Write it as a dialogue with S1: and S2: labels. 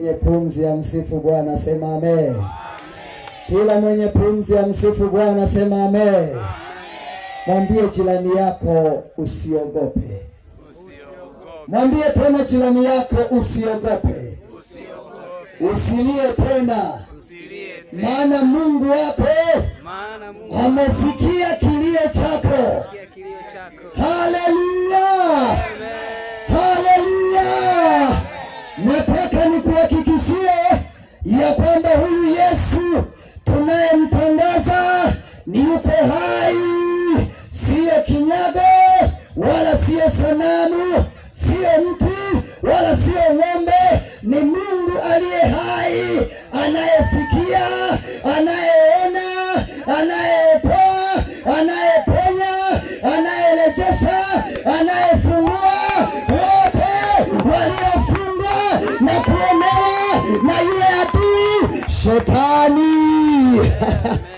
S1: Mwenye pumzi ya msifu Bwana sema amen. Kila mwenye pumzi ya msifu Bwana sema amen. Mwambie jirani yako usiogope. Mwambie tena jirani yako usiogope, usilie tena, maana Mungu wako amesikia kilio chako. Haleluya, haleluya huyu Yesu tunayemtangaza ni yuko hai, siyo kinyago wala siyo sanamu, siyo mti wala siyo ng'ombe. Ni Mungu aliye hai, anayesikia, anayeona, anayeokoa, anayeponya, anayerejesha, anayefungua wote waliofungwa na kuonewa na yule Shetani